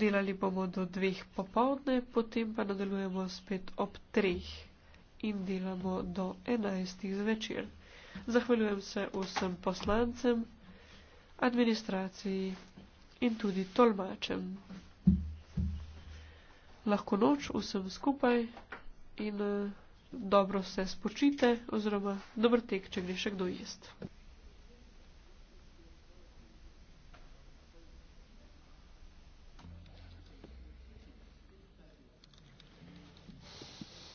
delali bomo do dveh popovdne, potem pa nadaljujemo spet ob treh in delamo do enajstih zvečer. Zahvaljujem se vsem poslancem, administraciji in tudi tolmačem. Lahko noč vsem skupaj in eh, dobro se spočite oziroma dober tek, če gre še kdo jesti.